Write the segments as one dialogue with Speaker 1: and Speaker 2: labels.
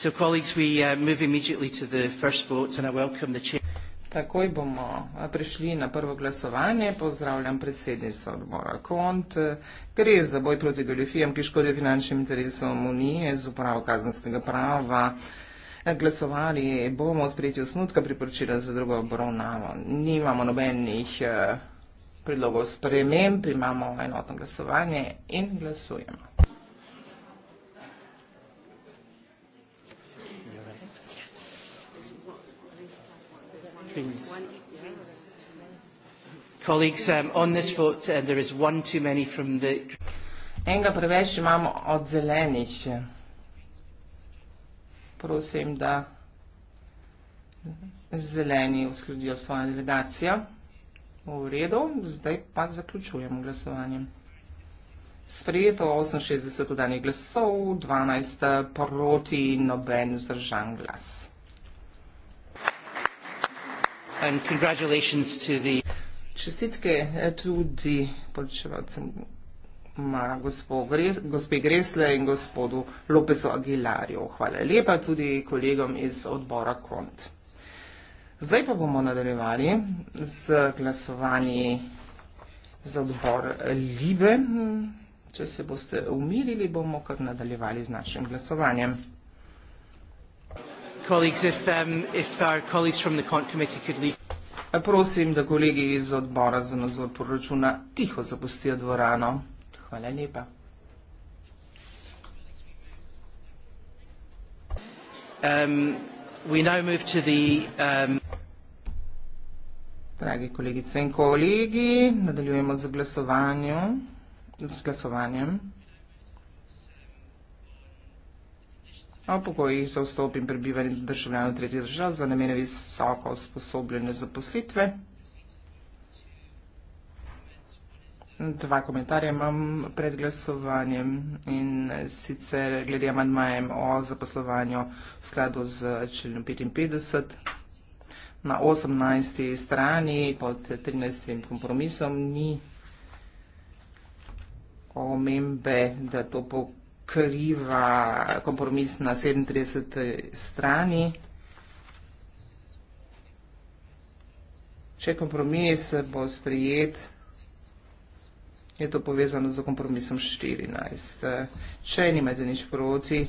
Speaker 1: So colleagues, we uh, move immediately to the first vote and I welcome the chair. Takoj bomo prišli na prvo glasovanje. Pozdravljam predsednico odbora Kont. Gre za boj proti goljofijam, ki škodijo finančnim interesom Unije z upravo kazenskega prava. Glasovali bomo sprejeti osnutka priporočila za drugo obravnavo. Nimamo nobenih predlogov sprememb, imamo enotno glasovanje in glasujemo. please. Colleagues, um, on this vote, uh, there is one too many from the. Enga preveč imamo od zelenih. Prosim, da zeleni usledijo svojo delegacijo. V redu, zdaj pa zaključujemo glasovanje. Sprejeto 68 podanih glasov, 12 proti, noben vzdržan glas and congratulations to the Čestitke eh, tudi poročevalcem Mara, gospe Gresle in gospodu Lopezu Aguilarju. Hvala lepa tudi kolegom iz odbora KONT. Zdaj pa bomo nadaljevali z glasovanji za odbor Libe. Hm, če se boste umirili, bomo kar nadaljevali z našim glasovanjem colleagues, if, um, if our colleagues from the Quant Committee could leave. Prosim, da kolegi iz odbora za nadzor proračuna tiho zapustijo dvorano. Hvala lepa. Um, we now move to the, um... Dragi kolegice in kolegi, nadaljujemo z glasovanjem. Z glasovanjem. o pogojih za vstop in prebivanje državljanov tretjih držav za namene visoko usposobljene zaposlitve. Dva komentarja imam pred glasovanjem in sicer glede amandmajem o zaposlovanju v skladu z členom 55. Na 18. strani pod 13. kompromisom ni omembe, da to pokoja kriva kompromis na 37. strani. Če kompromis bo sprijet, je to povezano z kompromisom 14. Če nimate nič proti,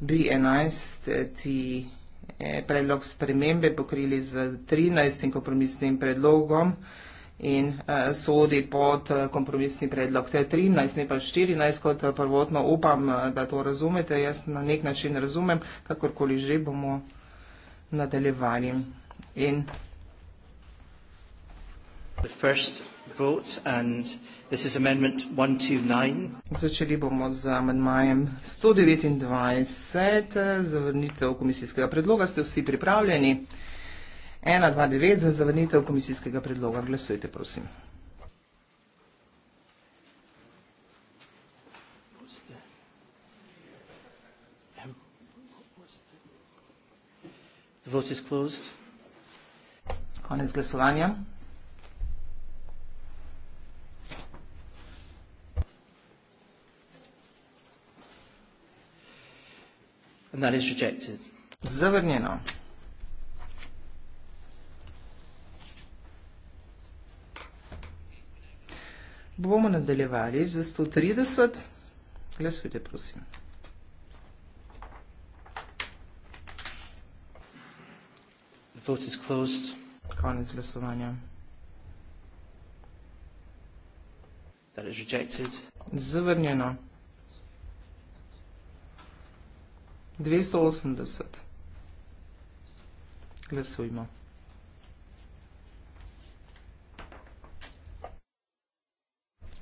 Speaker 1: bi 11 ti eh, predlog spremembe pokrili z 13. kompromisnim predlogom, in eh, sodi pod eh, kompromisni predlog. To je 13, ne pa 14, kot eh, prvotno upam, da to razumete. Jaz na nek način razumem, kakorkoli že bomo nadaljevali. In Začeli bomo z amendmajem 129, zavrnitev komisijskega predloga. Ste vsi pripravljeni? 129 za zavrnitev komisijskega predloga. Glasujte, prosim. Konec glasovanja. And that is rejected. Zavrnjeno. Bomo nadaljevali za 130. Glasujte, prosim. Vote is closed. Konec glasovanja. That is rejected. Zavrnjeno. 280. Glasujmo.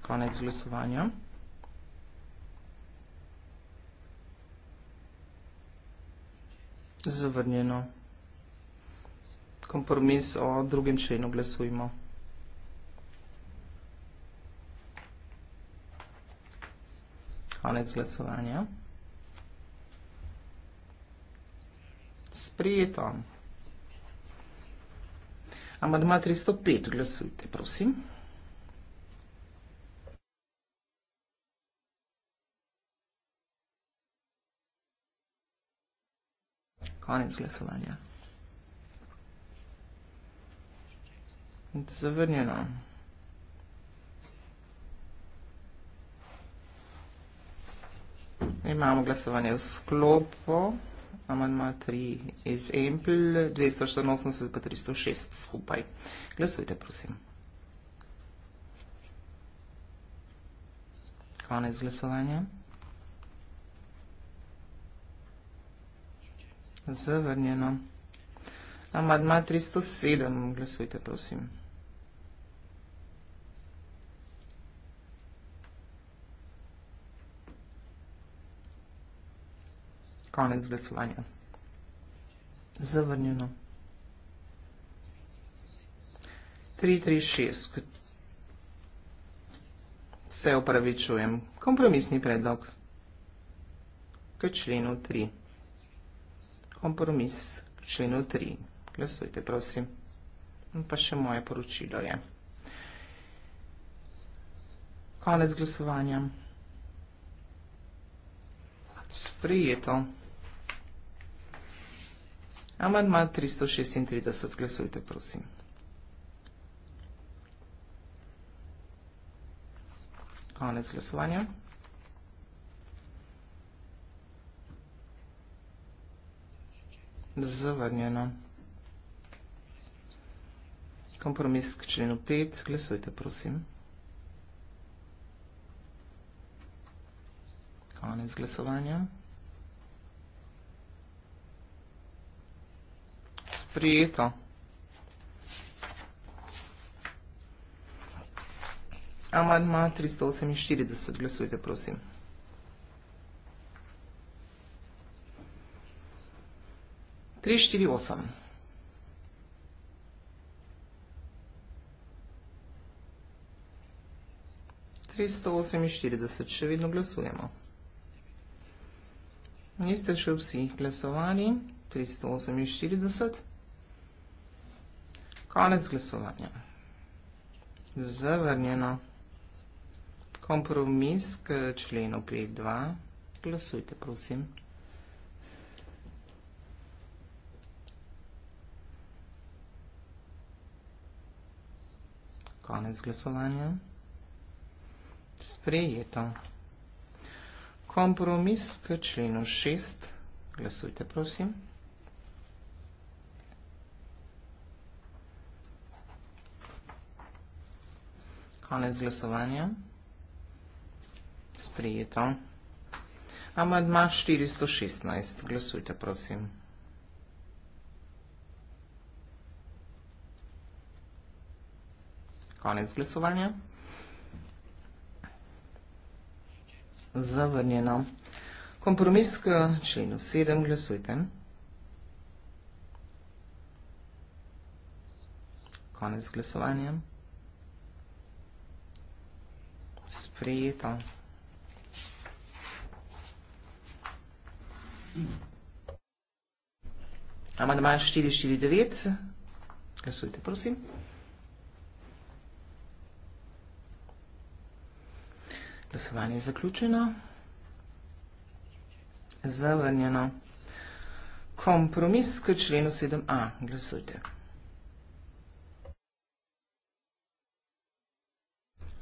Speaker 1: konec glasovanja. Zavrnjeno. Kompromis o drugem členu glasujmo. Konec glasovanja. Sprijeto. Amadma 305 glasujte, prosim. konec glasovanja. Zavrnjeno. Imamo glasovanje v sklopu, amandma 3 iz Empl, 284 pa 306 skupaj. Glasujte, prosim. Konec glasovanja. Zavrnjeno. Amadma 307, glasujte prosim. Konec glasovanja. Zavrnjeno. 336. Se upravičujem. Kompromisni predlog. K členu 3 kompromis k členu 3. Glasujte, prosim. In pa še moje poročilo je. Ja. Konec glasovanja. Sprijeto. Amadma 336. Glasujte, prosim. Konec glasovanja. zavrnjeno. Kompromis k členu 5. Glesujte, prosim. Konec glasovanja. Sprijeto. Amadma 348. Glesujte, prosim. tri, štiri, osem. Tristo oseminštirideset, še vedno glasujemo. Niste še vsi glasovali, tristo oseminštirideset. Konec glasovanja. Zavrnjeno. Kompromis k členu 5.2. Glasujte, prosim. Konec glasovanja. Sprejeto. Kompromis k členu 6. Glasujte, prosim. Konec glasovanja. Sprejeto. Amadma 416. Glasujte, prosim. 416. Konec glasovanja. Zavrnjeno. Kompromis k členu 7. Glasujte. Konec glasovanja. Sprejeto. Amandma 449. Glasujte, prosim. Glasovanje je zaključeno. Zavrnjeno. Kompromis k členu 7a. Glasujte.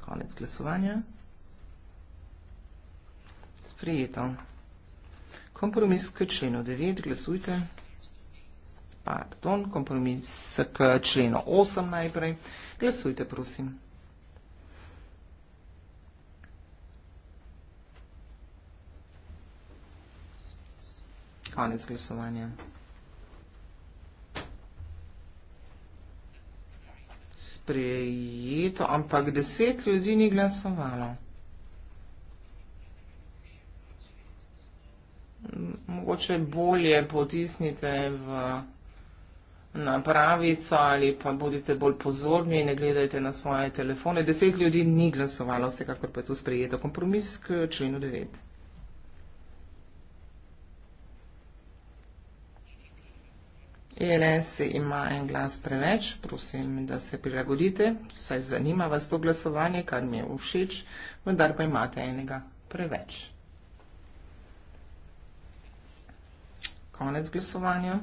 Speaker 1: Konec glasovanja. Sprijeto. Kompromis k členu 9. Glasujte. Pardon, kompromis k členu 8 najprej. Glasujte, prosim. Glasujte. konec glasovanja. Sprejeto, ampak deset ljudi ni glasovalo. Mogoče bolje potisnite v napravico ali pa bodite bolj pozorni in ne gledajte na svoje telefone. Deset ljudi ni glasovalo, vsekakor pa je to sprejeto. Kompromis k členu devet. ELS ima en glas preveč, prosim, da se prilagodite, saj zanima vas to glasovanje, kar mi je všeč, vendar pa imate enega preveč. Konec glasovanja.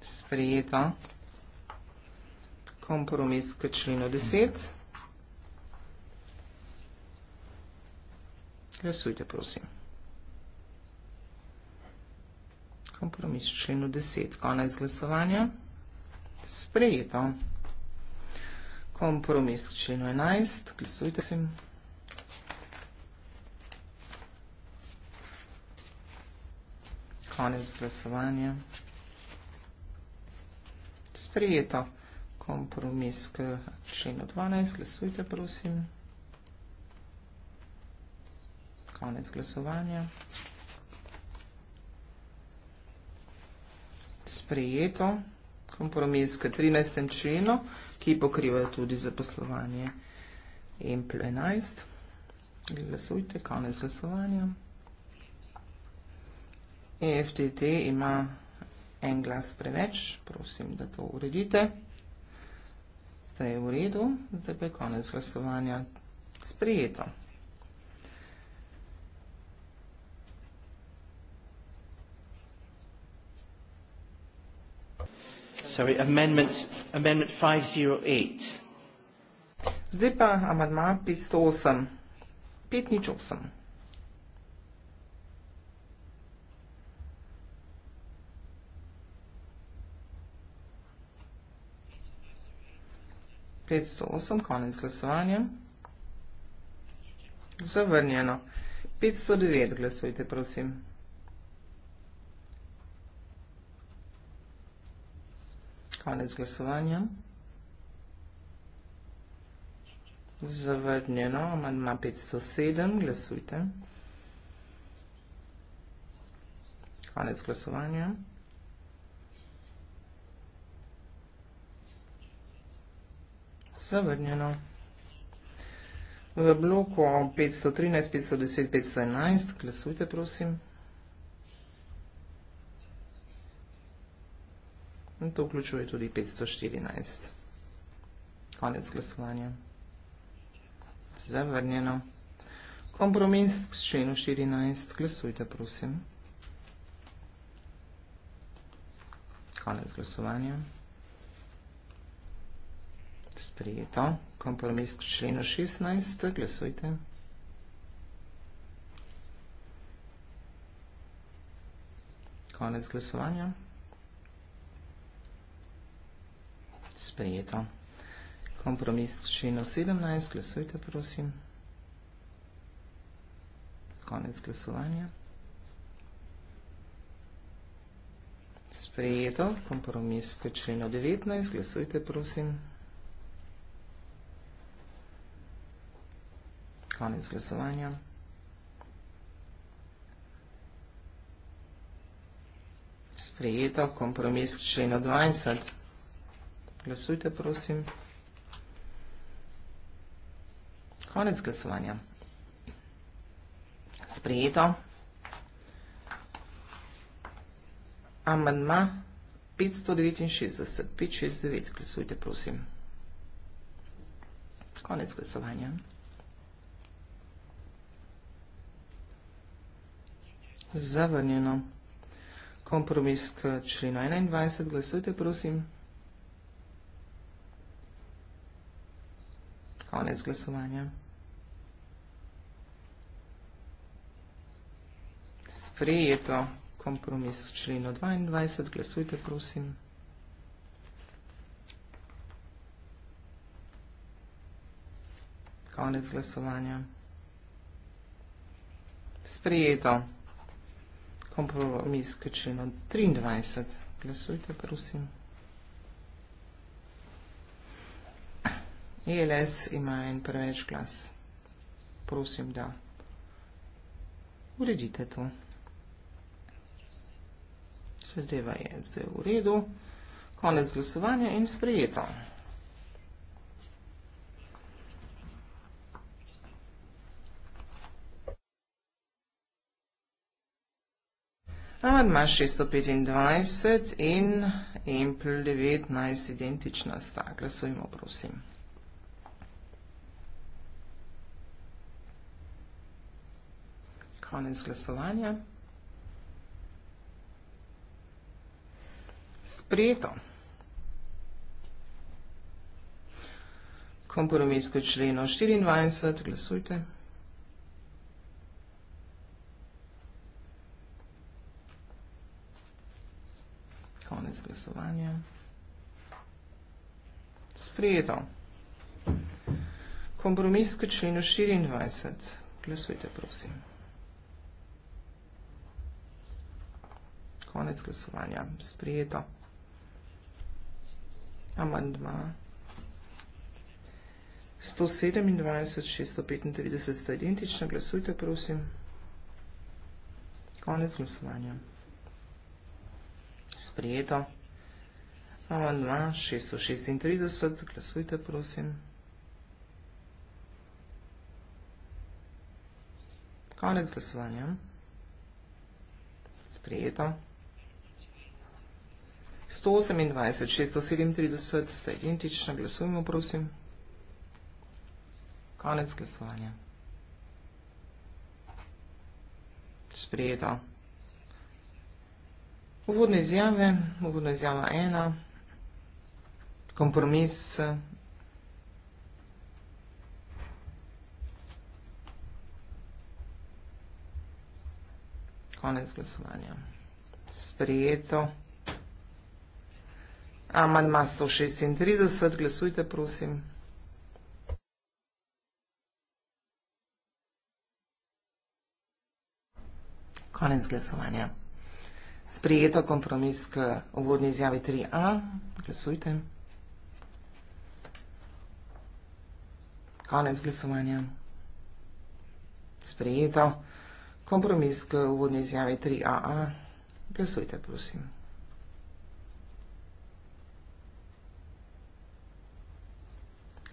Speaker 1: Sprejeto. Kompromis k členu 10. Glasujte, prosim. kompromis členu 10. Konec glasovanja. Sprejeto. Kompromis členu 11. Glasujte se. Konec glasovanja. Sprejeto. Kompromis k členu 12. Glasujte, prosim. Konec glasovanja. Konec glasovanja. sprejeto kompromis k 13. členu, ki pokriva tudi zaposlovanje EMPL 11. Glasujte, konec glasovanja. EFTT ima en glas preveč, prosim, da to uredite. Zdaj je v redu, zdaj pa je konec glasovanja sprejeto. sorry, amendment, amendment 508. Zdaj pa amadma 508. 508. Petsto osem, konec glasovanja. Zavrnjeno. Petsto devet, glasujte, prosim. Petsto devet. konec glasovanja. Zavrnjeno, amandma 507, glasujte. Konec glasovanja. Zavrnjeno. V bloku 513, 510, 511, glasujte prosim. In to vključuje tudi 514. Konec glasovanja. Zavrnjeno. Kompromis s členu 14. Glasujte, prosim. Konec glasovanja. Sprijeto. Kompromis k členu 16. Glasujte. Konec glasovanja. Konec glasovanja. sprejeto. Kompromis s členom 17, glasujte prosim. Konec glasovanja. Sprejeto. Kompromis s členom 19, glasujte prosim. Konec glasovanja. Sprejeto. Kompromis s členom 20. Glasujte, prosim. Konec glasovanja. Sprejeto. Amendma 569, 569. Glasujte, prosim. Konec glasovanja. Zavrnjeno. Kompromis k členu 21. Glasujte, prosim. Glasujte, prosim. konec glasovanja. Sprejeto kompromis členo 22, glasujte prosim. Konec glasovanja. Sprejeto kompromis k členo 23, glasujte prosim. Glasujte prosim. ILS e ima en preveč glas. Prosim, da uredite to. Sedeva je zdaj v redu. Konec glasovanja in sprejeto. Amadma 625 in Impel 19 identična sta. Glasujmo, prosim. konec glasovanja. Sprejeto. Kompromisko členo 24, glasujte. Konec glasovanja. Sprejeto. Kompromisko členo 24, glasujte prosim. konec glasovanja sprejeto. Amandma 127, 635 sta identična. Glasujte, prosim. Konec glasovanja. Sprejeto. Amandma 636. Glasujte, prosim. Konec glasovanja. Sprejeto. 128, 637 sta identična, glasujmo prosim. Konec glasovanja. Sprejeta. Uvodne izjave, uvodna izjava ena, kompromis, konec glasovanja. Sprejeto. Sprejeto. Amandma 136, glasujte prosim. Konec glasovanja. Sprijeto kompromis k uvodni izjavi 3a. Glasujte. Konec glasovanja. Sprijeto kompromis k uvodni izjavi 3aa. Glasujte, prosim.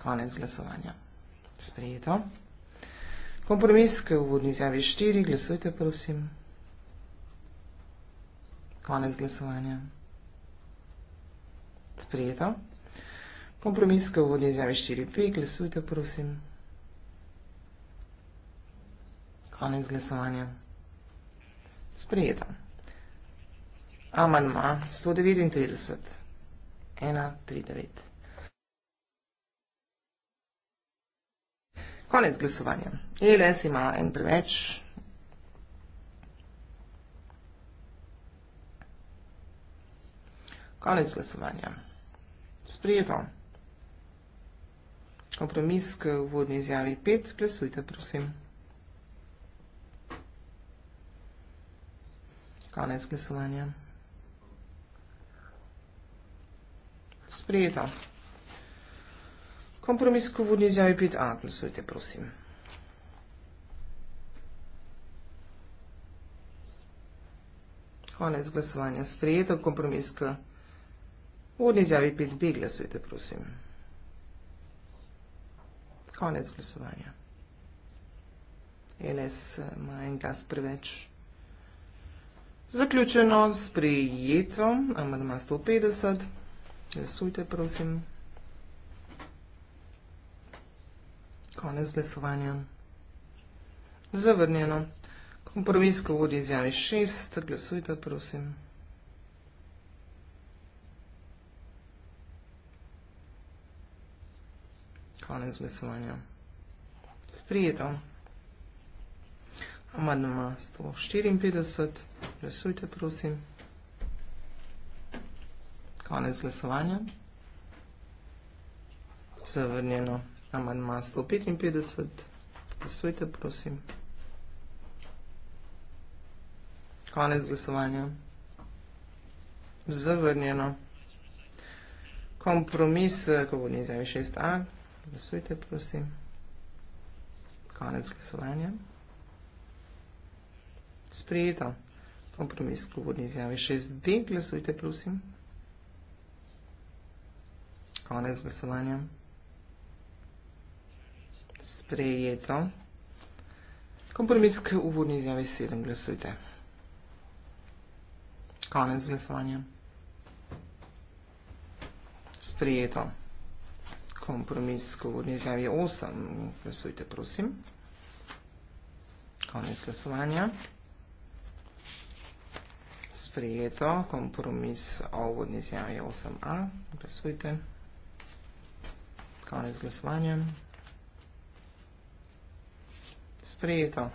Speaker 1: Konec glasovanja. Sprejeto. Kompromis, ki je v vodni izjavi štiri, glasujte prosim. Konec glasovanja. Sprejeto. Kompromis, ki je v vodni izjavi štiri, pi, glasujte prosim. Konec glasovanja. Sprejeto. Amanma 139, 139. Konec glasovanja. ELS ima en preveč. Konec glasovanja. Sprijeto. Kompromis k vodni izjavi 5. Glasujte, prosim. Konec glasovanja. Sprijeto. Sprijeto. Kompromis k uvodni izjavi pet Adelsovite, prosim. Konec glasovanja sprejeto. Kompromis k uvodni izjavi pet B glasujte, prosim. Konec glasovanja. LS eh, ima en glas preveč. Zaključeno sprejeto. Amadma 150. Glasujte, prosim. Glasujte, prosim. Konec glasovanja. Zavrnjeno. Kompromis, ko vodi izjavi šest, glasujte, prosim. Konec glasovanja. Sprijeto. Amadnama 154, glasujte, prosim. Konec glasovanja. Zavrnjeno amandma 155. Glasujte, prosim. Konec glasovanja. Zavrnjeno. Kompromis, ko bo njih zavi 6a. Glasujte, prosim. Konec glasovanja. Sprijeto. Kompromis, ko bo njih zavi 6b. Glasujte, prosim. Konec glasovanja. Konec glasovanja sprejeto. Kompromis k uvodni izjavi 7 glasujte. Konec glasovanja. Sprejeto. Kompromis k uvodni izjavi 8 glasujte, prosim. Konec glasovanja. Sprejeto. Kompromis o uvodni izjavi 8a glasujte. Konec glasovanja sprejeto.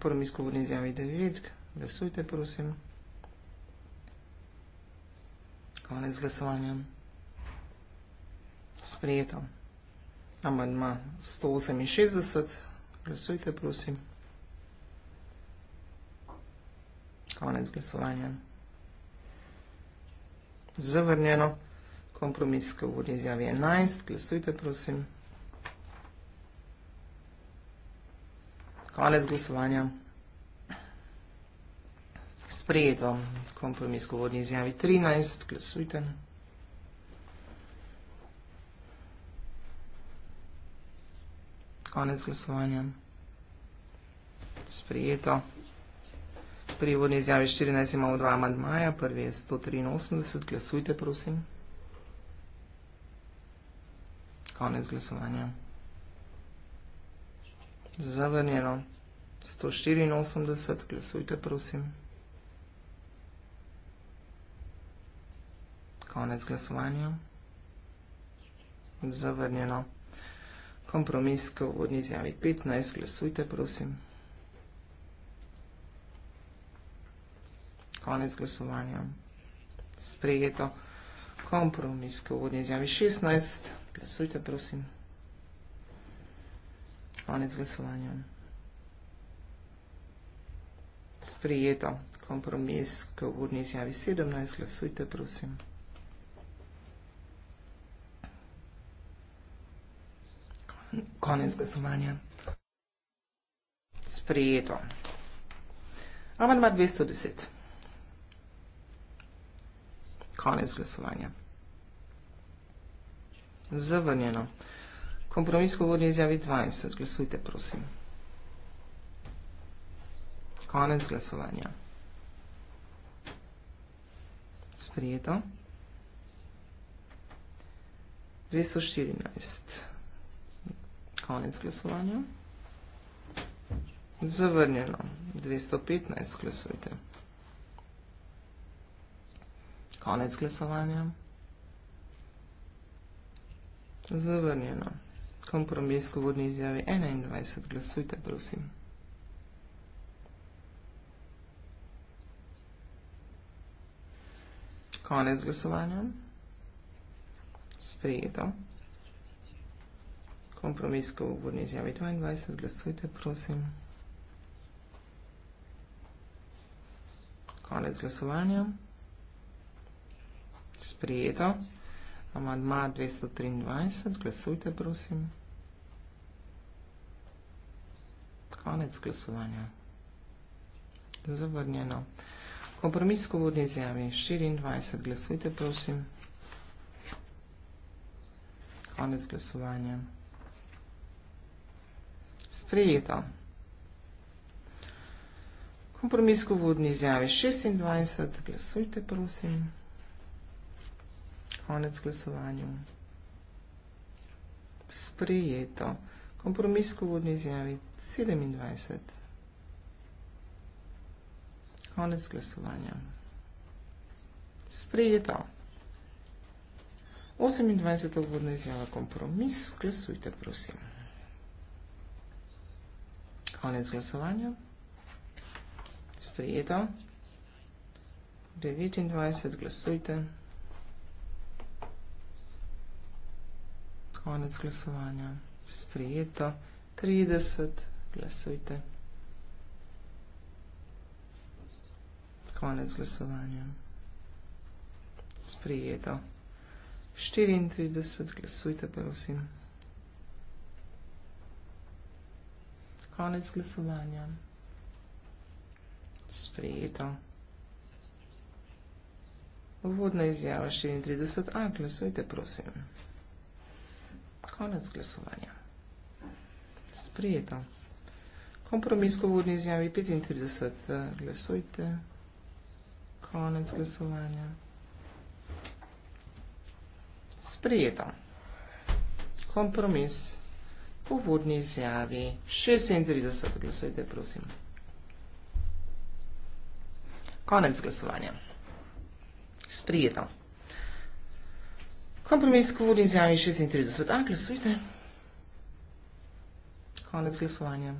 Speaker 1: Prvi skupni izjavi 9, glasujte prosim. Konec glasovanja. Sprejeto. Amandma 168, glasujte prosim. Konec glasovanja. Zavrnjeno. Kompromis, ko vodi izjavi 11, glasujte prosim. Konec glasovanja. Sprejeto. Kompromis v vodni izjavi 13. Glasujte. Konec glasovanja. Sprejeto. Pri vodni izjavi 14 imamo dva amadmaja. Prvi je 183. Glasujte, prosim. Konec glasovanja. Konec glasovanja. Zavrnjeno. 184, glasujte prosim. Konec glasovanja. Zavrnjeno. Kompromis, ko vodni izjavi 15, glasujte prosim. Konec glasovanja. Sprejeto. Kompromis, ko vodni izjavi 16, glasujte prosim. Zavrnjeno konec glasovanja. Sprijeto kompromis, ko v urni izjavi 17, glasujte, prosim. Konec glasovanja. Sprijeto. Amandma 210. Konec glasovanja. Zavrnjeno. Kompromis govorni izjavi 20. Glasujte, prosim. Konec glasovanja. Sprijeto. 214. Konec glasovanja. Zavrnjeno. 215. Glasujte. Konec glasovanja. Zavrnjeno kompromis v uvodni izjavi 21. Glasujte, prosim. Konec glasovanja. Sprejeto. Kompromis v uvodni izjavi 22. Glasujte, prosim. Konec glasovanja. Sprejeto. Sprejeto. Amadma 223, glasujte prosim. Konec glasovanja. Zavrnjeno. Kompromis ko vodni izjavi 24, glasujte prosim. Konec glasovanja. Sprejeto. Kompromis ko vodni izjavi 26, glasujte prosim konec glasovanju. Sprejeto. Kompromis k uvodni izjavi 27. Konec glasovanja. Sprejeto. 28. uvodna izjava kompromis. Glasujte, prosim. Konec glasovanja. Sprejeto. 29. Glasujte. Glasujte. Konec glasovanja. Sprijeto. 30. Glasujte. Konec glasovanja. Sprijeto. 34. Glasujte, prosim. Konec glasovanja. Sprijeto. Uvodna izjava 34. A, glasujte, prosim konec glasovanja. Sprejeto. Kompromis v vodni izjavi 35. Eh, glasujte. Konec glasovanja. Sprejeto. Kompromis v vodni izjavi 36. Glasujte, prosim. Konec glasovanja. Sprijeto. Kompromisko vodi izjavi 36. A, glasujte. Konec glasovanja.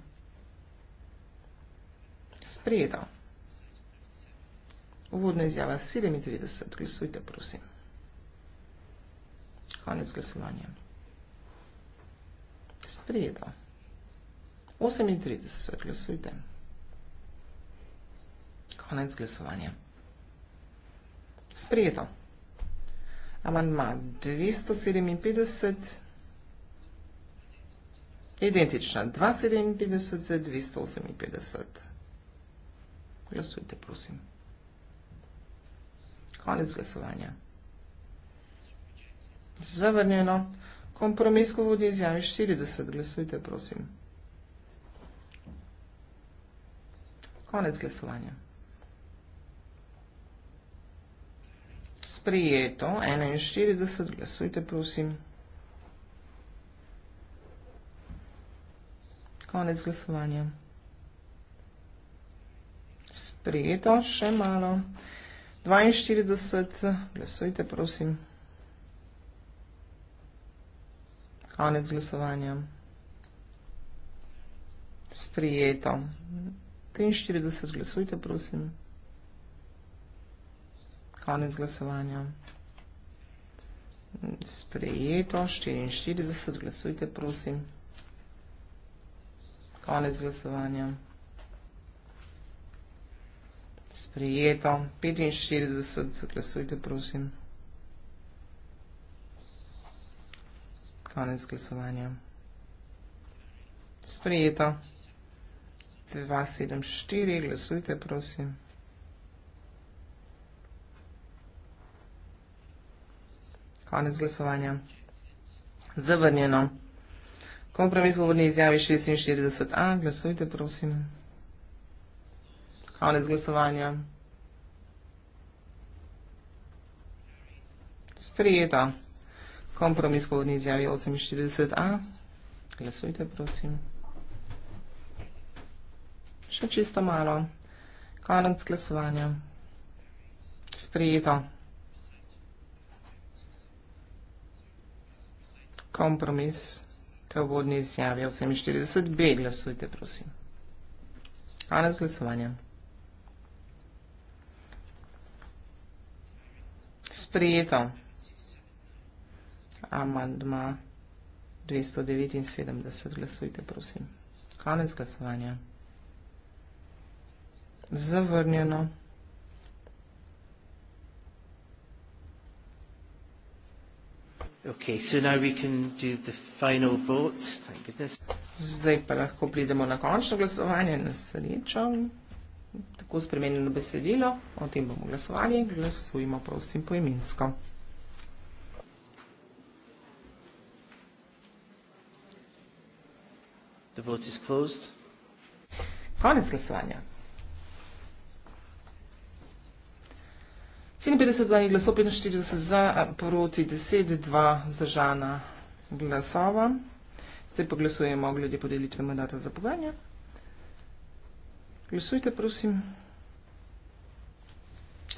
Speaker 1: Sprejeto. Uvodna izjava 37. Glasujte, prosim. Konec glasovanja. Sprejeto. 38. Glasujte. Konec glasovanja. Sprejeto amandma 257, identična 257 za 258. Glasujte, prosim. Konec glasovanja. Zavrnjeno. Kompromis v vodi izjavi 40. Glasujte, prosim. Konec glasovanja. sprejeto. 41, glasujte prosim. Konec glasovanja. Sprejeto, še malo. 42, glasujte prosim. Konec glasovanja. Sprijeto. 43, glasujte prosim. Konec glasovanja. Sprejeto. 44. Glasujte, prosim. Konec glasovanja. Sprejeto. 45. Glasujte, prosim. Konec glasovanja. Sprejeto. 274. Glasujte, prosim. Konec glasovanja. Zavrnjeno. Kompromis govorni izjavi 46a. Glasujte, prosim. Konec glasovanja. Sprijeta. Kompromis govorni izjavi 48a. Glasujte, prosim. Še čisto malo. Konec glasovanja. Sprijeta. Sprijeta. компромис към водни изяви. 840 Б. Гласуйте, просим. Анес гласувания. Сприето. Амандма 279. Гласуйте, просим. Анес гласувания. Завърнено. Завърнено. Okay, so now we can do the final vote. Thank goodness. Zdaj pa lahko pridemo na končno glasovanje, na srečo. Tako spremenjeno besedilo, o tem bomo glasovali. Glasujmo prosim poimensko. The vote is closed. Konec glasovanja. 57 dani glasov, 45 za, proti 10, 2 zdržana glasova. Zdaj pa glasujemo glede podelitve mandata za pogajanje. Glasujte, prosim.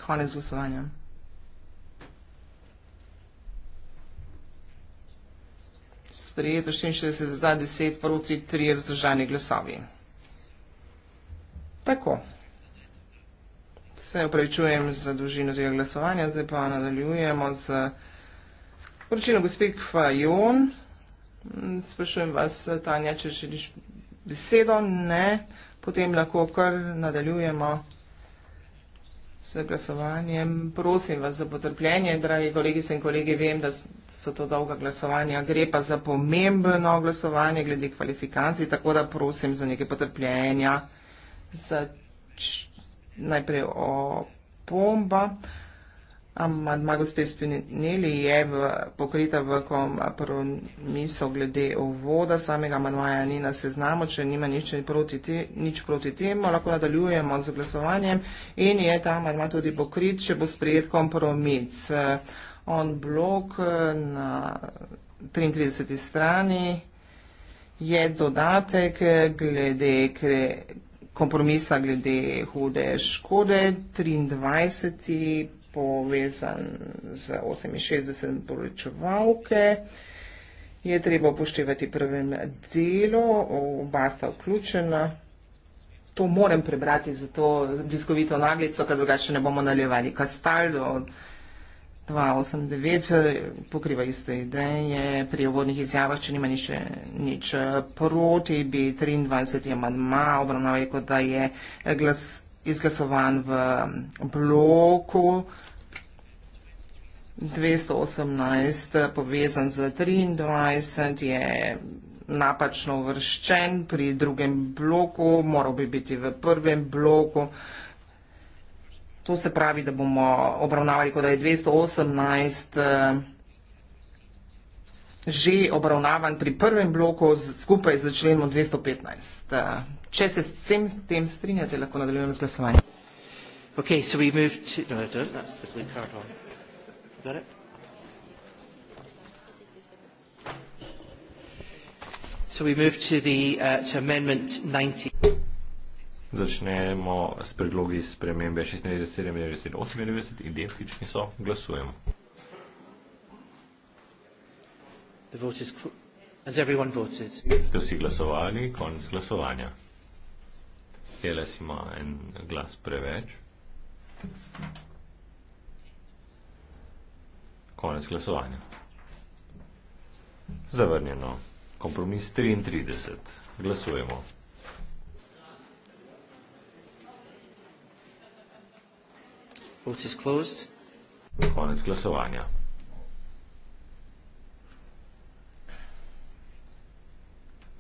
Speaker 1: Hvala za glasovanje. Sprejeto 64 za, 10 proti 3 vzdržani glasovi. Tako. Se upravičujem za dolžino tega glasovanja, zdaj pa nadaljujemo z poročilo gospe Kvajon. Sprašujem vas, Tanja, če želiš besedo? Ne. Potem lahko kar nadaljujemo z glasovanjem. Prosim vas za potrpljenje, dragi kolegice in kolegi, vem, da so to dolga glasovanja. Gre pa za pomembno glasovanje glede kvalifikacij, tako da prosim za nekaj potrpljenja. Za najprej o pomba. Amadma gospe Spinelli je v, pokrita v kompromiso glede uvoda, samega amadmaja ni na seznamu, če nima nič proti, te, nič proti temu, lahko nadaljujemo z glasovanjem in je ta amadma tudi pokrit, če bo sprejet kompromis. On blok na 33. strani je dodatek glede kre, kompromisa glede hude škode, 23. povezan z 68. poročevalke. Je treba upoštevati prvem delo, oba sta vključena. To moram prebrati za to bliskovito naglico, ker drugače ne bomo naljevali kastaldo. 289 pokriva iste ideje. Pri uvodnih izjavah, če nima nič, nič eh, proti, bi 23. amadma obravnavali, kot da je eh, glas, izglasovan v mm, bloku. 218 eh, povezan z 23 je napačno vrščen pri drugem bloku, moral bi biti v prvem bloku. To se pravi, da bomo obravnavali, kot da je 218 eh, že obravnavan pri prvem bloku skupaj z členom 215. Eh, če se s vsem tem strinjate, lahko nadaljujemo z glasovanjem. Okay, so we move to... No, I don't. That's the green card on. Got it? So we move to the uh, to amendment 90.
Speaker 2: Začnemo s predlogi spremembe 96, 97, 98 in identični so, glasujemo. As everyone voted. Ste vsi glasovali, konec glasovanja. Teles ima en glas preveč. Konec glasovanja. Zavrnjeno. Kompromis 33. Glasujemo. Vote is closed. Konec glasovanja.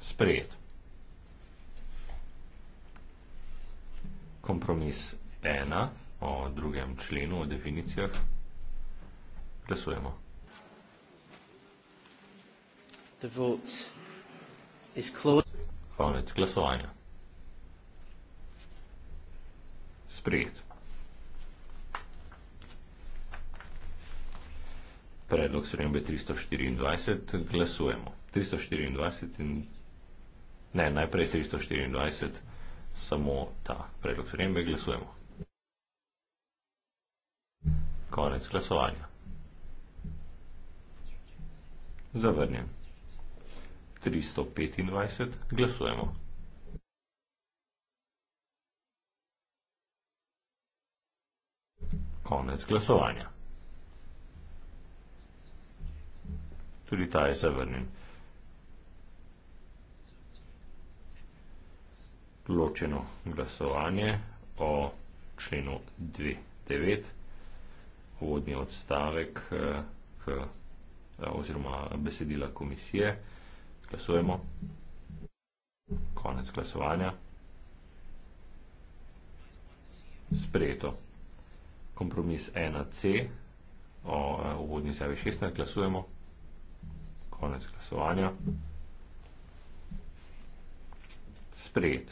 Speaker 2: Sprejet. Kompromis ena o drugem členu, o definicijah. Glasujemo. The vote is closed. Konec glasovanja. Sprejet. predlog spremembe 324, glasujemo. 324 in ne, najprej 324, samo ta predlog spremembe, glasujemo. Konec glasovanja. Zavrnjen. 325, glasujemo. Konec glasovanja. Tudi ta je zavrnjen. Ločeno glasovanje o členu 2.9, vodni odstavek eh, k, eh, oziroma besedila komisije. Glasujemo. Konec glasovanja. Sprejeto. Kompromis 1C o vodni zavi 16. Glasujemo konec glasovanja. Sprejet.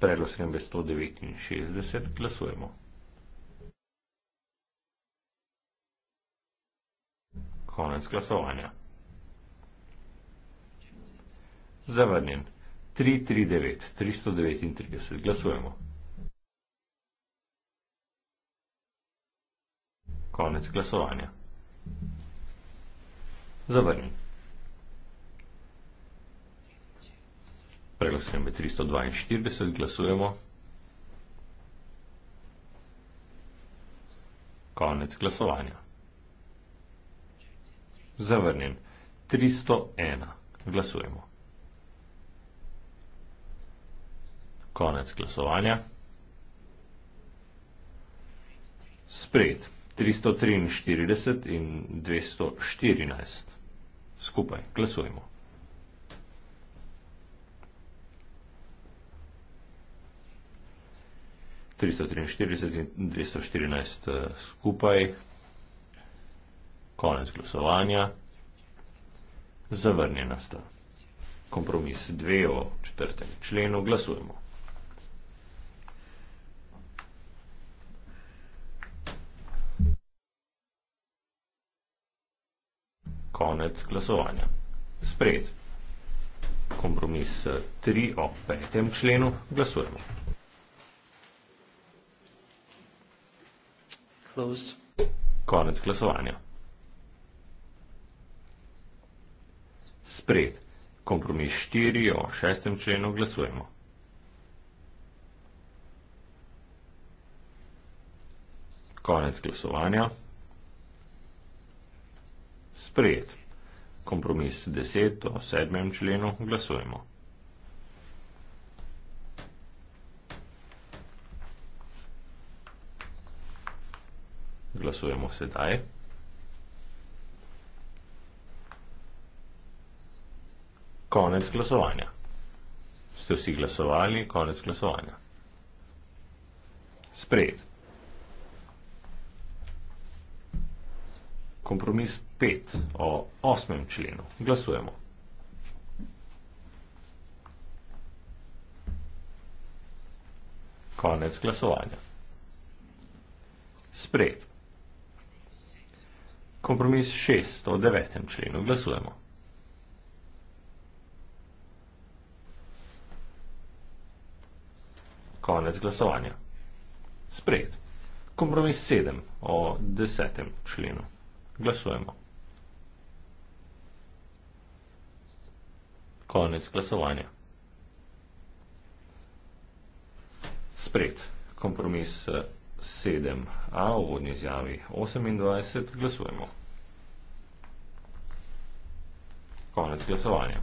Speaker 2: Predlog sprejem 169. Glasujemo. Konec glasovanja. Zavrnjen. 339. 339. Glasujemo. Konec glasovanja zavrni. Preglasujem 342, glasujemo. Konec glasovanja. Zavrnjen. 301, glasujemo. Konec glasovanja. Sprejet. 343 in 214 skupaj glasujmo. Tristo triinštirideset in dvesto štirinajst eh, skupaj, konec glasovanja, zavrnjena sta. Kompromis dve o četrtem členu glasujemo. konec glasovanja. Sprejet. Kompromis 3 eh, o 5. členu glasujemo. Close. Konec glasovanja. Sprejet. Kompromis 4 o 6. členu glasujemo. Konec glasovanja sprejet. Kompromis 10 o 7. členu glasujemo. Glasujemo sedaj. Konec glasovanja. Ste vsi glasovali? Konec glasovanja. Sprejet. kompromis 5 o 8. členu. Glasujemo. Konec glasovanja. Sprejet. Kompromis 6 o 9. členu. Glasujemo. Konec glasovanja. Sprejet. Kompromis 7 o 10. členu. Glasujemo. Glasujemo. Konec glasovanja. Spred kompromis 7a eh, v vodni izjavi 28 glasujemo. Konec glasovanja.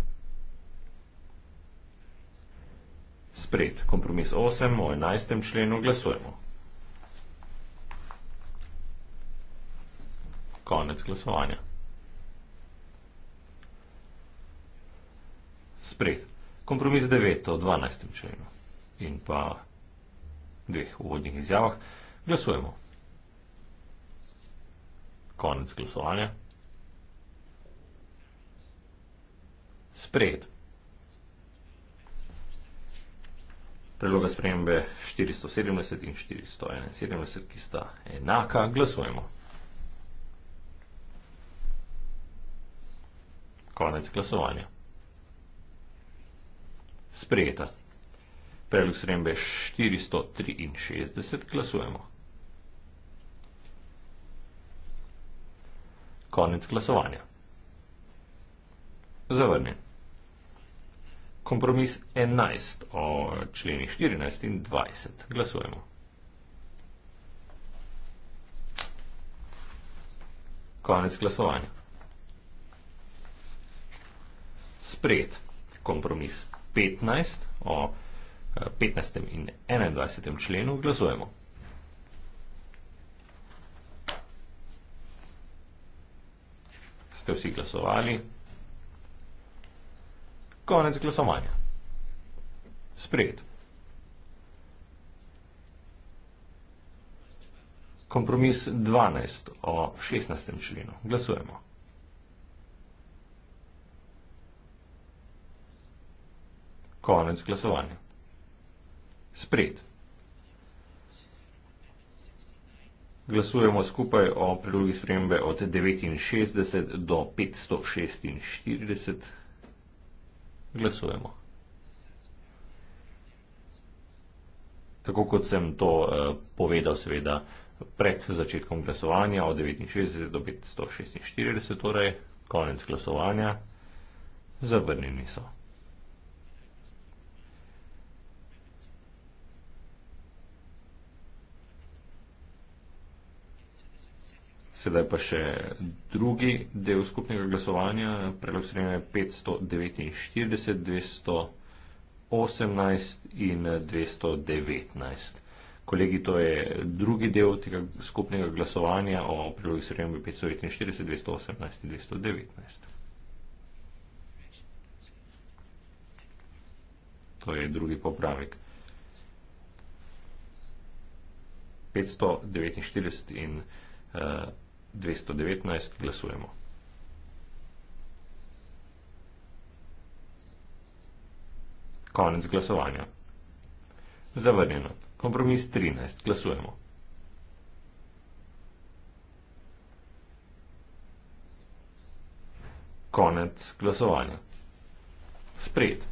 Speaker 2: Spred kompromis 8 v 11. členu glasujemo. konec glasovanja. Spred. Kompromis 9 o 12. členu in pa dveh uvodnih izjavah. Glasujemo. Konec glasovanja. Spred. Predloga spremembe 470 in 471, ki sta enaka, glasujemo. Konec glasovanja. Sprejeta. Predlog srembe 463 glasujemo. Konec glasovanja. Zavrnjen. Kompromis 11 o členi 14 in 20. Glasujemo. Konec glasovanja sprejet kompromis 15 o 15. Eh, in 21. členu glasujemo. Ste vsi glasovali? Konec glasovanja. Sprejet. Kompromis 12 o 16. členu glasujemo. Konec glasovanja. Spred. Glasujemo skupaj o predlogi spremembe od 69 do 546. Glasujemo. Tako kot sem to eh, povedal, seveda, pred začetkom glasovanja od 69 do 546, torej konec glasovanja, zavrnjeni so. Sedaj pa še drugi del skupnega glasovanja, predlog srednje 549, 218 in 219. Eh, Kolegi, to je drugi del tega skupnega glasovanja o predlogu srednje 549, 218 in 219. To je drugi popravek. 549 in uh, 219 glasujemo. Konec glasovanja. Zavrnjeno. Kompromis 13. Glasujemo. Konec glasovanja. Sprejet.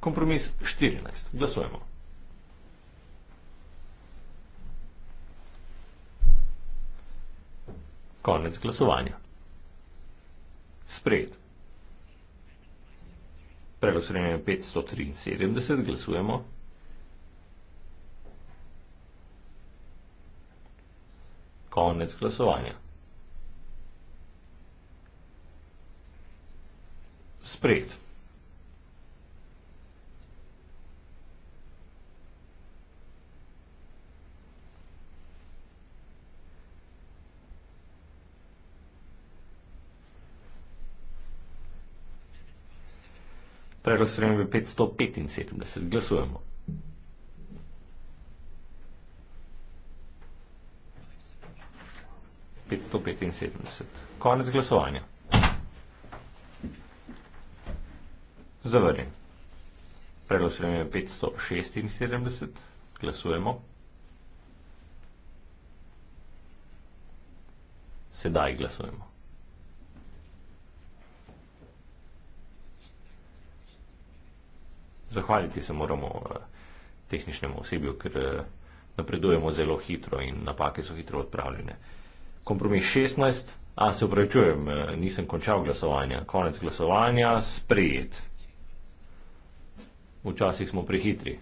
Speaker 2: Kompromis 14. Glasujemo. Konec glasovanja. Spred. Predlog srednje 573, glasujemo. Konec glasovanja. Spred. Spred. predlog spremembe 575. Glasujemo. Konec glasovanja. Zavrnjen. Predlog spremembe 576. Glasujemo. Sedaj glasujemo. zahvaliti se moramo eh, tehničnemu osebju, ker eh, napredujemo zelo hitro in napake so hitro odpravljene. Kompromis 16. A se upravičujem, eh, nisem končal glasovanja. Konec glasovanja, sprejet. Včasih smo prehitri.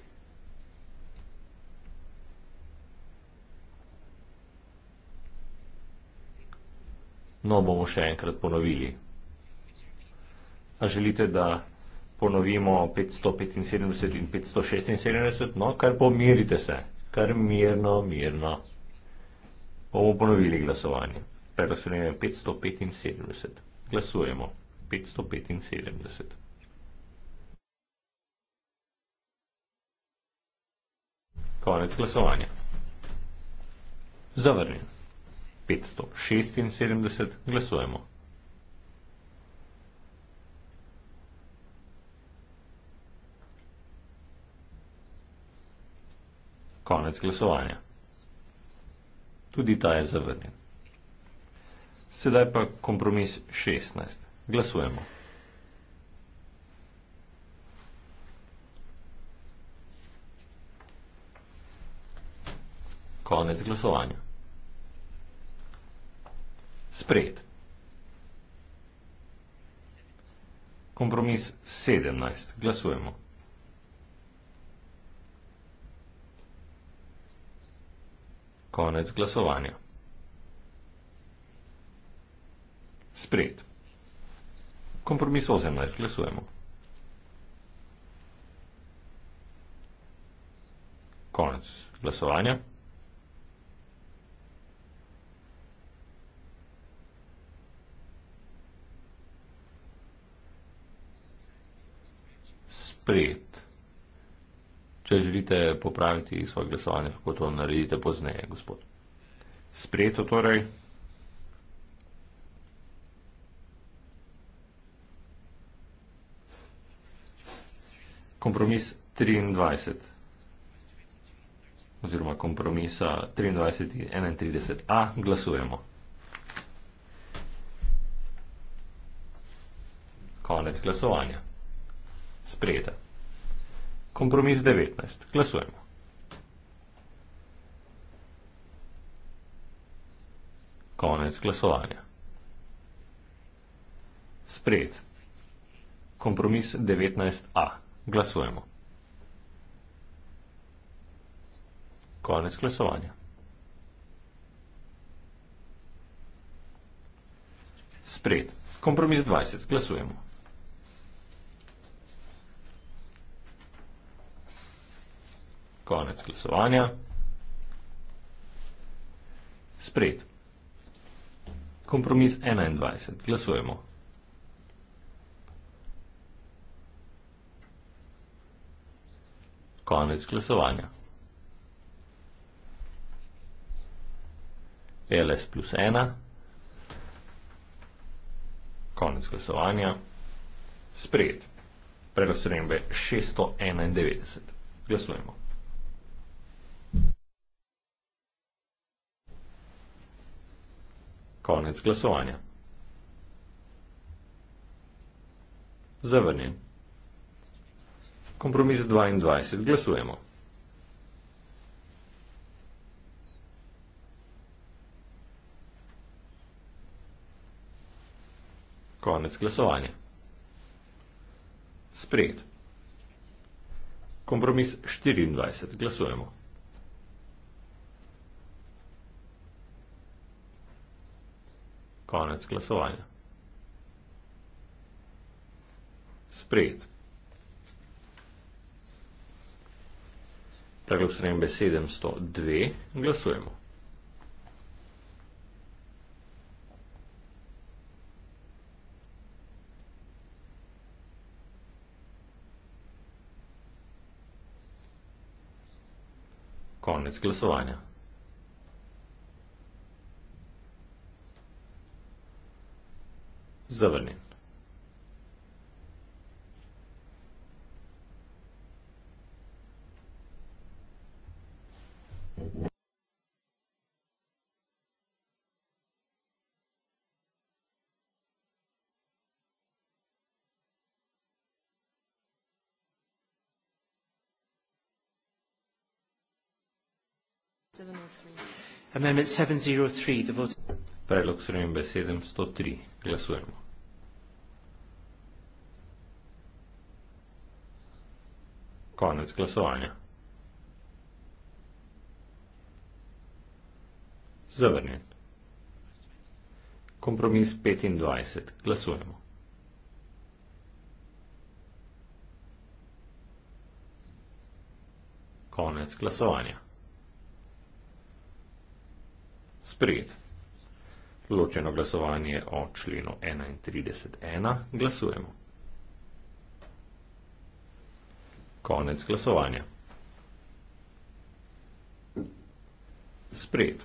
Speaker 2: No, bomo še enkrat ponovili. A želite, da ponovimo 575 in 576, no kar pomirite se, kar mirno, mirno. Bomo ponovili glasovanje. Preglasujemo 575. Glasujemo 575. Konec glasovanja. Zavrnjen. 576. Glasujemo Konec glasovanja. Tudi ta je zavrnjen. Sedaj pa kompromis 16. Glasujemo. Konec glasovanja. Sprejet. Kompromis 17. Glasujemo. Konec glasovanja. Sprejet. Kompromis 18. Glasujemo. Konec glasovanja. Sprejet. Če želite popraviti svoje glasovanje, lahko to naredite pozneje, gospod. Sprejeto torej. Kompromis 23 oziroma kompromisa 23.31a glasujemo. Konec glasovanja. Sprejeta kompromis 19. Glasujemo. Konec glasovanja. Sprejet. Kompromis 19a. Glasujemo. Konec glasovanja. Sprejet. Kompromis 20. Glasujemo. Konec glasovanja. Spred. Kompromis 21. Glasujemo. Konec glasovanja. LS plus 1. Konec glasovanja. Spred. Predostrembe 691. Glasujemo. 691. Konec glasovanja. Zavrnjen. Kompromis 22. Glasujemo. Konec glasovanja. Sprejet. Kompromis 24. Glasujemo. Glasujemo. Konec glasovanja. Sprejet. Predlog srembe 702. Glasujemo. Konec glasovanja. zavrnjen.
Speaker 1: Oh Amendment 703, the
Speaker 2: vote... Predlog spremembe 703. Glasujemo. Konec glasovanja. Zavrnjen. Kompromis 25. Glasujemo. Konec glasovanja. Sprejeto. Ločeno glasovanje o členu 31.1. Glasujemo. Konec glasovanja. Spred.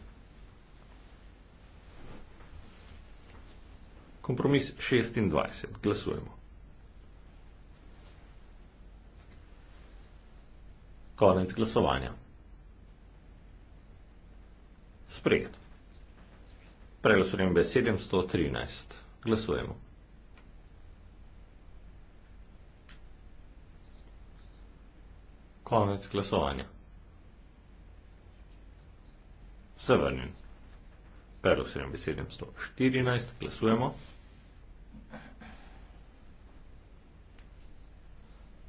Speaker 2: Kompromis 26. Glasujemo. Konec glasovanja. Spred. Preglasujem B713. Glasujemo. Konec glasovanja. Zavrnjen. Preglasujem B714. Glasujemo.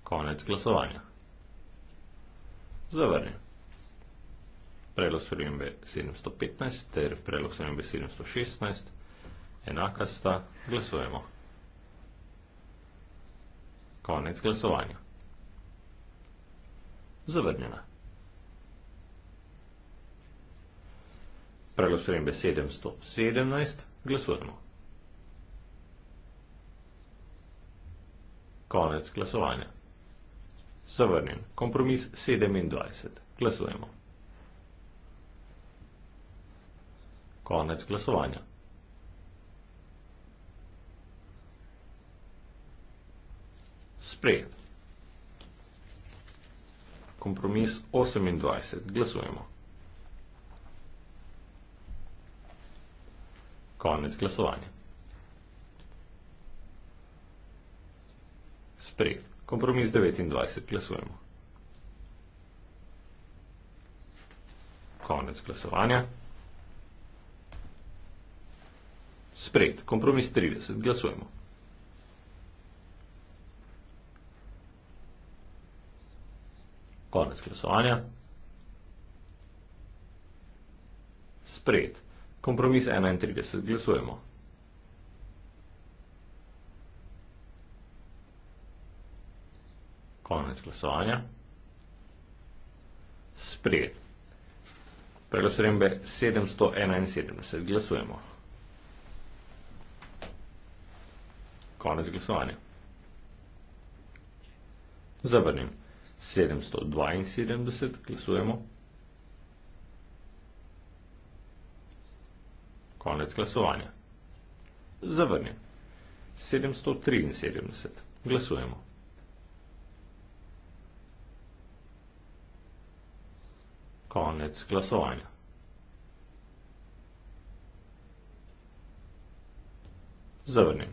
Speaker 2: Konec glasovanja. Zavrnjen prelog spremembe 715 ter prelog spremembe 716 enaka sta, glasujemo. Konec glasovanja. Zavrnjena. Prelog spremembe 717, glasujemo. Konec glasovanja. Zavrnjen. Kompromis 27. Glasujemo. Konec glasovanja. Sprejet. Kompromis 28. Glasujemo. Konec glasovanja. Sprejet. Kompromis 29. Glasujemo. Konec glasovanja. Sprejet. Sprejet. Kompromis 30. Glasujemo. Konec glasovanja. Sprejet. Kompromis 31. Glasujemo. Konec glasovanja. Sprejet. Preglasujem be 771. Glasujemo. Glasujemo. Konec glasovanja. Zavrnim. 772 glasujemo. Konec glasovanja. Zavrnim. 773 glasujemo. Konec glasovanja. Zavrnim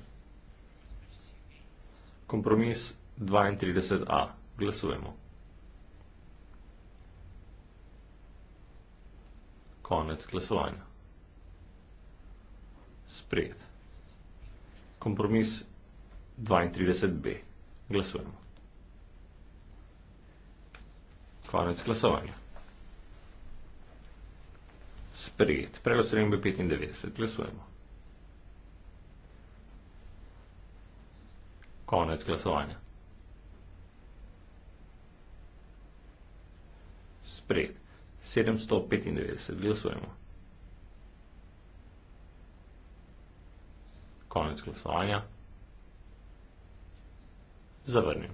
Speaker 2: kompromis 32a. Glasujemo. Konec glasovanja. Sprejet. Kompromis 32b. Glasujemo. Konec glasovanja. Sprejet. Prelo srembe 95. Glasujemo. konec glasovanja. Sprejet. 795. Glasujemo. Konec glasovanja. Zavrnim.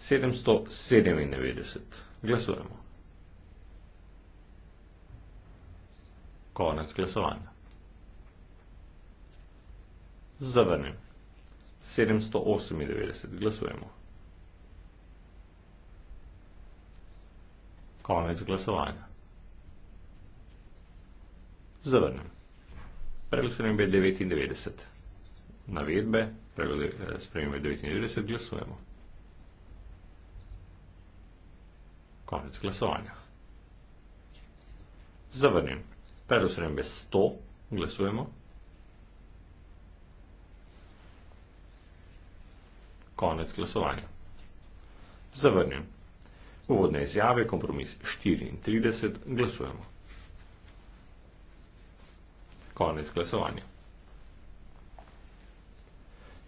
Speaker 2: 797. Glasujemo. Konec glasovanja. Zavrnim. 798. Glasujemo. Konec glasovanja. Zavrnem. Predlog spremembe je 99. Navedbe, predlog eh, spremembe je 99. Glasujemo. Konec glasovanja. Zavrnem. Predlog spremembe je 100. Glasujemo. Zavrnem. Konec glasovanja. Zavrnjen. Uvodne izjave, kompromis 34, glasujemo. Konec glasovanja.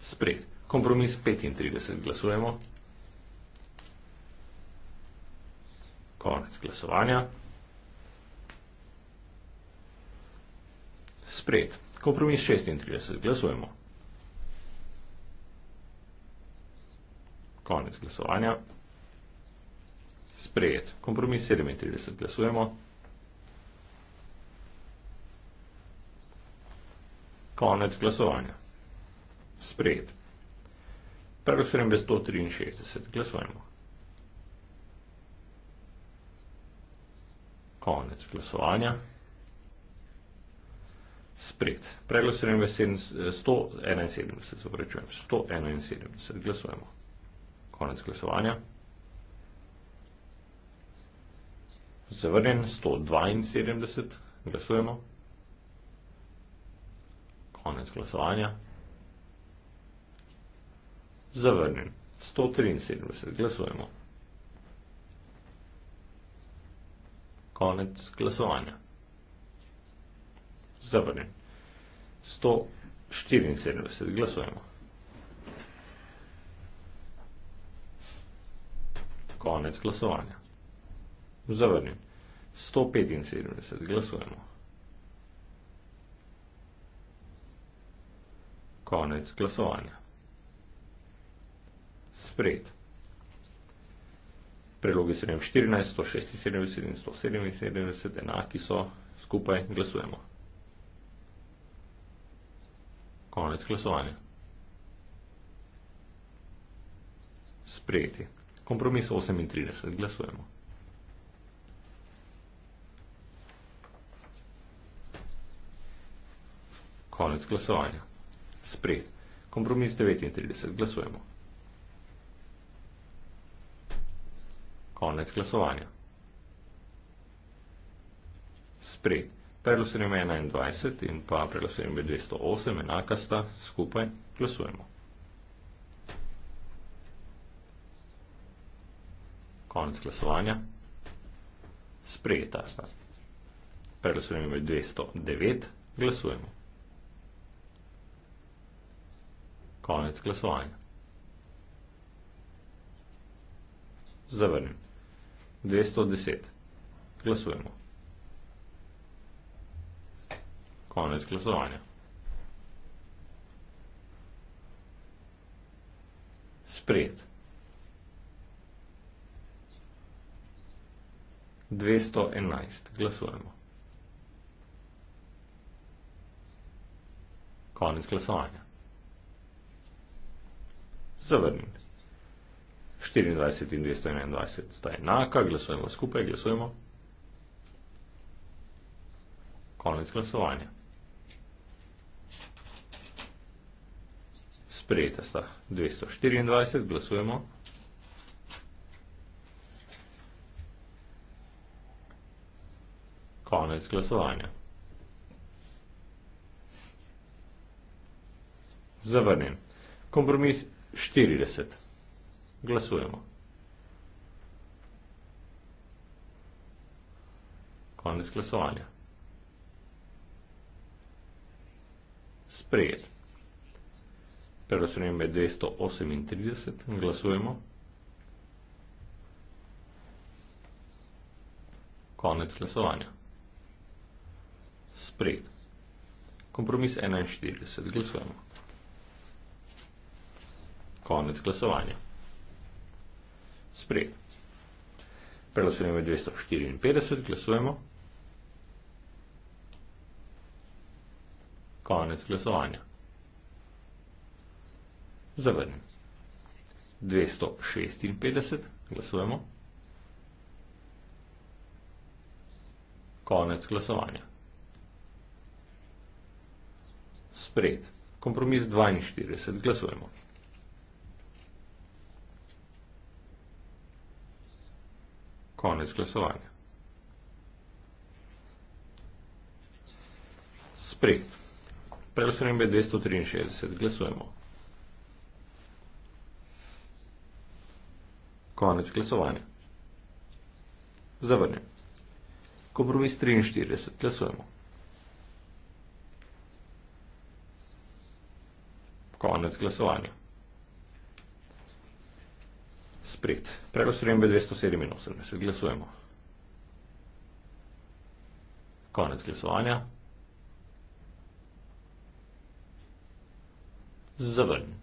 Speaker 2: Spred. Kompromis 35, glasujemo. Konec glasovanja. Spred. Kompromis 36, glasujemo. Konec glasovanja. Sprejet. Kompromis 37. Glasujemo. Konec glasovanja. Sprejet. Prvo sprem je 163. Glasujemo. Konec glasovanja. Sprejet. Predlog 171, se zaprečujem, 171, glasujemo konec glasovanja. Zavrnjen 172, glasujemo. Konec glasovanja. Zavrnjen 173, glasujemo. Konec glasovanja. Zavrnjen 174, glasujemo. Konec glasovanja. Zavrnjen. 175. Glasujemo. Konec glasovanja. Spred. Predlogi 714, 176 in 177 enaki so. Skupaj glasujemo. Konec glasovanja. Sprejeti. Kompromis 38. Glasujemo. Konec glasovanja. Sprej. Kompromis 39. Glasujemo. Konec glasovanja. Sprej. Predlosenje 21 in pa predlosenje 208 enaka sta skupaj glasujemo. konec glasovanja. Sprejeta sta. Preglasujemo 209. Glasujemo. Konec glasovanja. Zavrnem. 210. Glasujemo. Konec glasovanja. Sprejeta. 211. Glasujemo. Konec glasovanja. Zavrnim. 24 in 221 sta enaka, glasujemo skupaj, glasujemo. Konec glasovanja. Sprejeta sta 224, glasujemo. Glasujemo. Konec glasovanja. Zavrnjen. Kompromis 40. Glasujemo. Konec glasovanja. Sprejet. Preračunjem je 238. Glasujemo. Konec glasovanja sprejet. Kompromis 41. Glasujemo. Konec glasovanja. Sprejet. Prelosujemo 254. Glasujemo. Konec glasovanja. Zavrnim. 256. Glasujemo. Konec glasovanja sprejet. Kompromis 42. Glasujemo. Konec glasovanja. Sprejet. Preglasujem B263. Glasujemo. Konec glasovanja. Zavrnjem. Kompromis 43. Glasujemo. Glasujemo. Konec glasovanja. Spred. Predlog spremembe 287. Glasujemo. Konec glasovanja. Zavrn.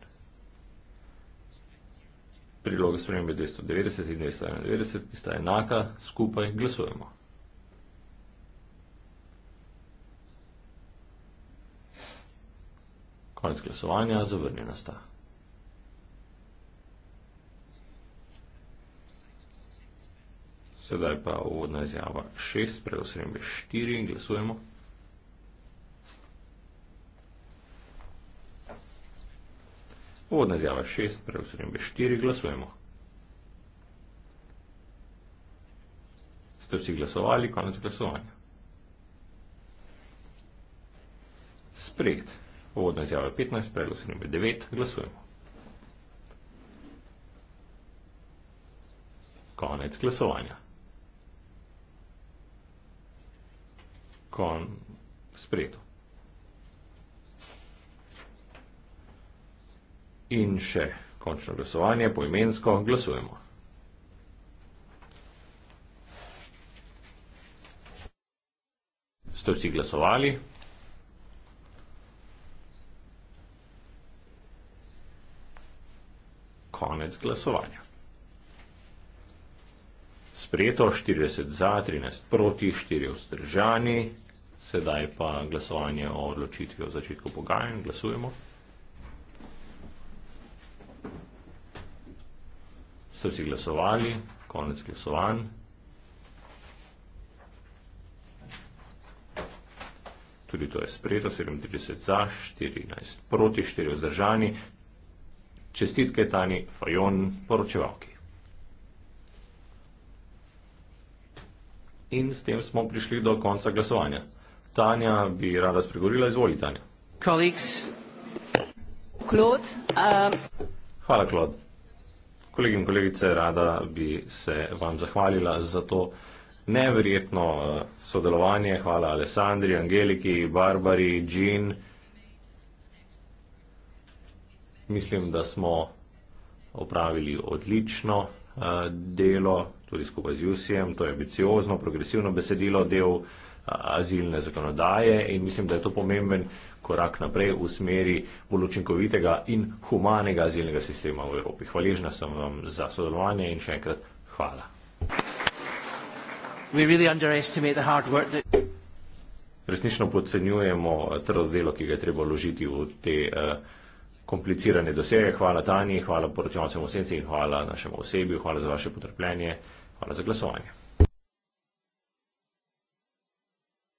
Speaker 2: Priloga spremembe 290 in 291 sta enaka. Skupaj glasujemo. konec glasovanja, zavrnjena sta. Sedaj pa uvodna izjava 6, predvsem je 4 in glasujemo. Uvodna izjava 6, predvsem je 4, glasujemo. Ste vsi glasovali, konec glasovanja. Sprejet. Uvodna izjava je 15, predlog se nime 9, glasujemo. Konec glasovanja. Kon spretu. In še končno glasovanje, poimensko glasujemo. Ste vsi glasovali? konec glasovanja. Sprejeto 40 za, 13 proti, 4 vzdržani, sedaj pa glasovanje o odločitvi o začetku pogajanj, glasujemo. Ste vsi glasovali, konec glasovanj. Tudi to je sprejeto, 37 za, 14 proti, 4 vzdržani, Čestitke Tani Fajon, poročevalki. In s tem smo prišli do konca glasovanja. Tanja bi rada spregovorila, izvoli Tanja. Kolegs. Klod. Uh... Um, Hvala, Klod. Kolegi in kolegice, rada bi se vam zahvalila za to neverjetno uh, sodelovanje. Hvala Alessandri, Angeliki, Barbari, Jean. Mislim, da smo opravili odlično eh, delo, tudi skupaj z Jusijem. To je ambiciozno, progresivno besedilo, del eh, azilne zakonodaje in mislim, da je to pomemben korak naprej v smeri bolj učinkovitega in humanega azilnega sistema v Evropi. Hvaležna sem vam za sodelovanje in še enkrat hvala. Resnično podcenjujemo trdo delo, ki ga je treba vložiti v te. Uh, komplicirane dosege. Hvala Tanji, hvala poročevalcem v senci in hvala našemu osebju, hvala za vaše potrpljenje, hvala za glasovanje.